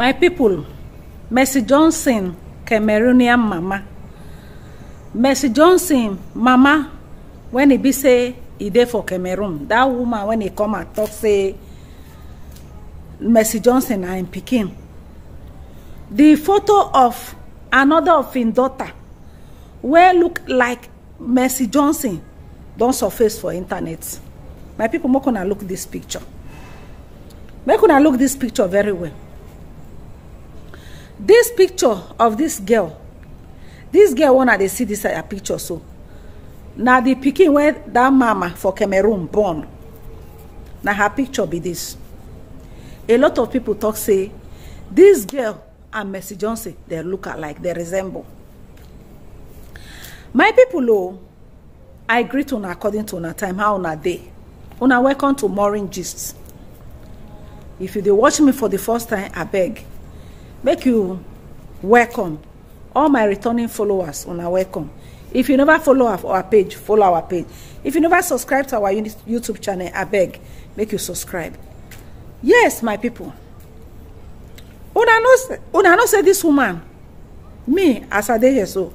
My people, Mercy Johnson, Cameroonian mama. Mercy Johnson, mama, when he be say he dey for Cameroon, that woman when he come and talk say Mercy Johnson na im pikin. The photo of another of im daughter wey look like Mercy Johnson don surface for internet. My people, make una look this picture. Make una look this picture very well. This picture of this girl this girl wanna they dey see dis picture so now the picking where that mama for cameroon born Now her picture be this. a lot of people talk say this girl and mercy johnson they look alike they resemble my people, o oh, i greet una according to una time how una day, una welcome to Morning Gists. if you dey watch me for the first time I beg make you welcome all my returning followers una welcome if you never follow our page follow our page if you never subscribe to our youtube channel I beg, make you subscribe yes my people una know say this woman me as i dey here so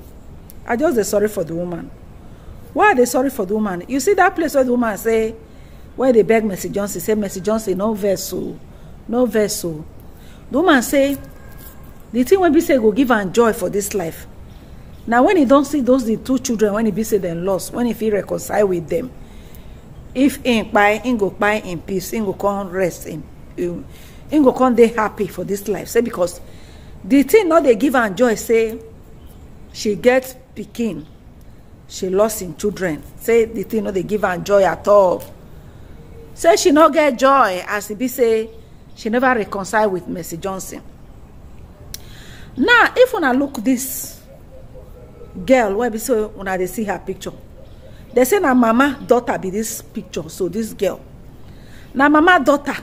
i just dey sorry for the woman why i dey sorry for the woman you see that place where the woman say wey dey beg mercy johnson say mercy johnson no vex o no vex o the woman say the thing when be say go give am joy for this life na when he don see those the two children when he be say dem lost when e fit reconcile with dem if im kpai im go kpai in peace im go come rest im um, go come dey happy for this life say because the thing no dey give am joy say she get pikin she lost im children say the thing no dey give am joy at all say she no get joy as e be say she never reconcile with mercy johnson now if una look this girl wey be say una they see her picture they say na mama daughter be this picture so this girl na mama daughter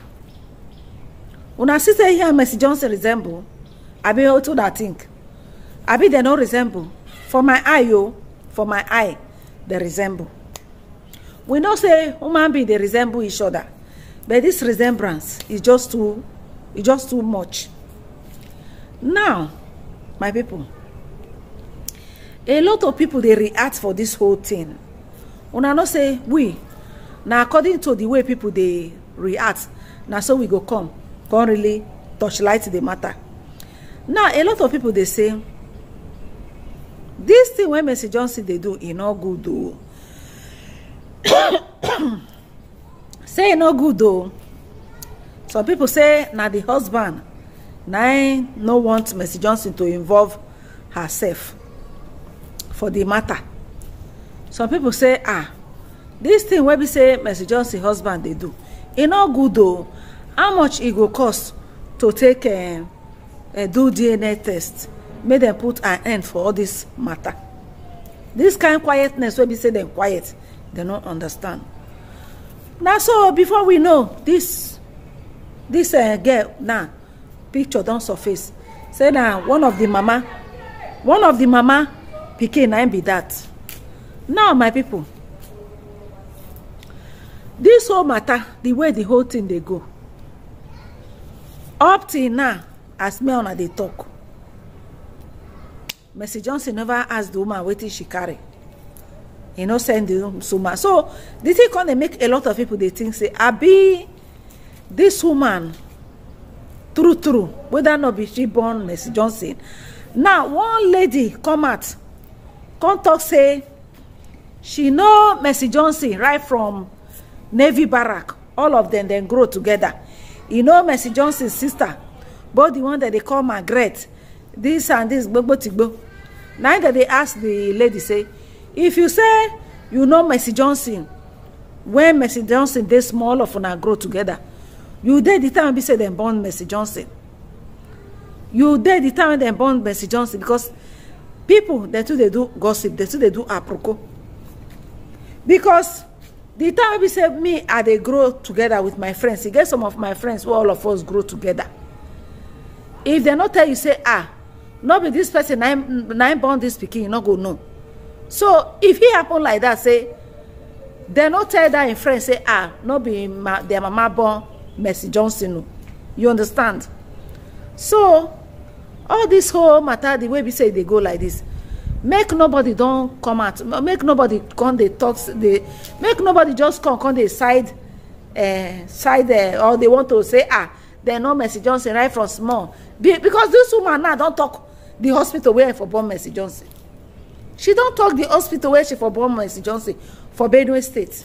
una see say here mercy johnson resemble I be wetin una think I be they no resemble for my eye yo, oh, for my eye they resemble we know say human being they resemble each other but this resemblance is just too is just too much now my people a lot of people dey react for this whole thing una know say we na according to the way people dey react na so we go come come really torchlight the matter now a lot of people dey say this thing wey messi johnson dey do e no good o say e no good o some people say na the husband na no want mercy johnson to involve herself for the matter some people say ah this thing wey be say mercy johnson husband dey do e no good o how much e go cost to take eh, eh, do dna test make dem put an end for all this matter This kind quietness wey be say dem quiet dem no understand na so before we know this, dis eh, girl now picture don surface say na one of the mama one of the mama pikin na be that now my people this whole matter the way the whole thing dey go up till now as me una dey talk mercy johnson never ask the woman wetin she carry He no send the woman so the thing come dey make a lot of people dey think say abi this woman true true whether not be she born mercy johnson now one lady come out come talk say she know mercy johnson right from navy barrack all of them then grow together you know mercy Johnson's sister both the one that they call margaret this and this Now that they ask the lady say if you say you know mercy johnson when mercy johnson dey small of una grow together you dare the time be say dem born mercy johnson you dare the time wey born mercy johnson because people they too they do gossip they too they do aproko because the time be say me i they grow together with my friends you get some of my friends wey all of us grow together if they not tell you say ah not be this person na im born this speaking, you not go know so if he happen like that, say they not tell that in friends say ah not be their mama born Mercy Johnson. You understand? So, all this whole matter, the way we say they go like this, make nobody don come out make nobody come They talk They make nobody just come come dey side uh, side uh, or they want to say ah they no mercy johnson right from small Be, because this woman now don't talk the hospital where for born mercy johnson she don't talk the hospital where she for born mercy johnson for benue state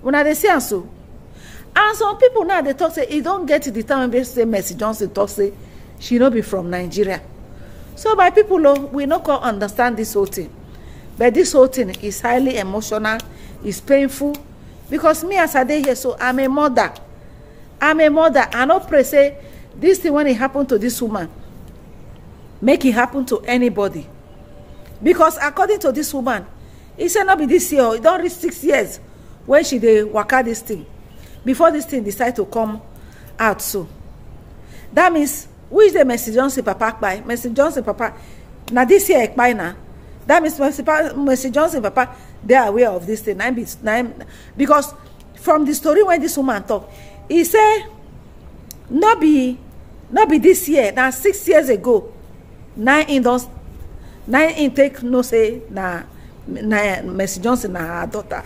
When are they saying so and some people now dey talk say e don get to di time wey say mercy johnson talk say she no be from nigeria so my people, oh, we no come understand this whole thing. but this whole thing is highly emotional is painful because me as i dey here so i'm a mother i'm a mother i no pray say this thing when e happen to this woman make e happen to anybody because according to this woman e say no be this year e don reach six years when she dey waka this thing before this thing decide to come out so that means which day mercy johnson papa kpai mercy johnson papa na this year kpai na dat means mercy johnson papa dey aware of this thing na im because from the story wey this woman talk, e say no be no be this year na six years ago na im take know say na mercy johnson na her daughter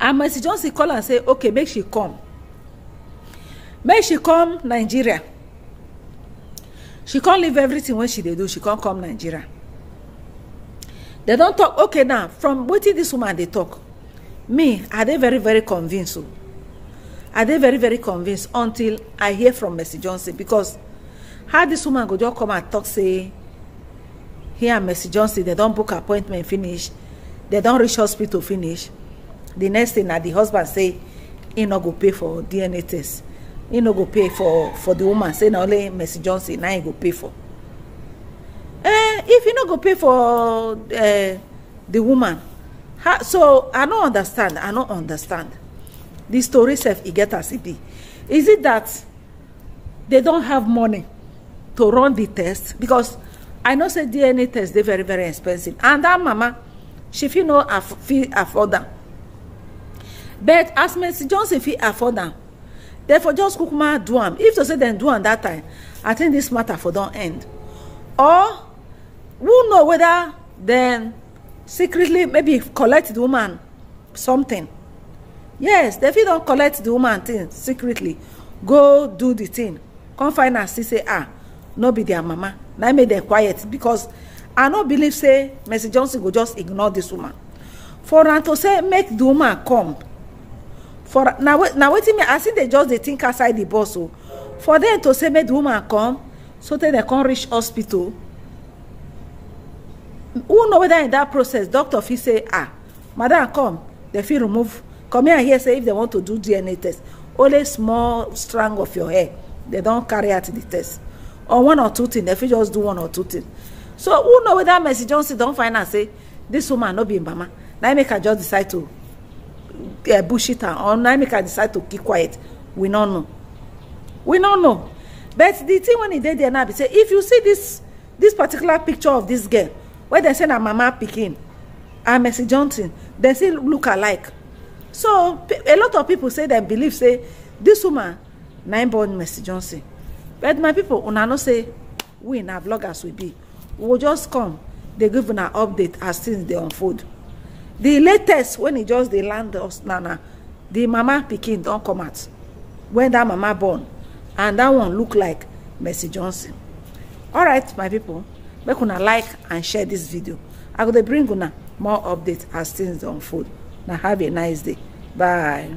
and mercy johnson call am say okay make she come make she come nigeria she come leave everything wey she dey do she come come nigeria dem don talk okay now from wetin dis woman dey talk me i dey very very convinced o oh. i dey very very convinced until i hear from mercy johnson because how dis woman go just come and talk say he and mercy johnson dem don book appointment finish dem don reach hospital finish the next thing na the husband say he no go pay for dna test he no go pay for for the woman say na only mercy johnson na he go pay for eh if he no go pay for uh, the woman how so i no understand i no understand the story sef e get as e be is it that they don have money to run the test because i know say dna test dey very very expensive and that mama she fit no afford am but as mercy johnson fit afford am therefore just kukuma do am if to say dem do am dat time i think dis matter for don end or who know whether dem secretly maybe collect di woman something yes dem fit don collect di woman thing secretly go do di thing come find out see say ah no be their mama na make dem quiet because i no believe say mercy johnson go just ignore dis woman for am to say make di woman come for na wetin me i see dey just dey think outside the box o oh. for them to say make di woman come so tey dem come reach hospital who know whether in that process doctor fit say ah madam come dem fit remove come here hear say if dem want to do dna test only small strand of your hair dem don carry out the test or one or two things dem fit just do one or two things so who know whether mercy johnson don find out say this woman no be im mama na make her just decide to uh, eh, bullshit am or naimika decide to keep quiet we no know we no know but the thing when e dey there now be say if you see this this particular picture of this girl wey dem say na mama pikin and mercy johnson dem still look alike so a lot of people say dem believe say this woman na im born mercy johnson but my people una know say we na bloggers we be we go just come dey give una update as things dey unfold. The latest when he just they land us Nana, the mama pikin don't come out When that mama born and that one look like mercy johnson All right, my people, make una like and share this video i go dey bring una more updates as things unfold Now have a nice day bye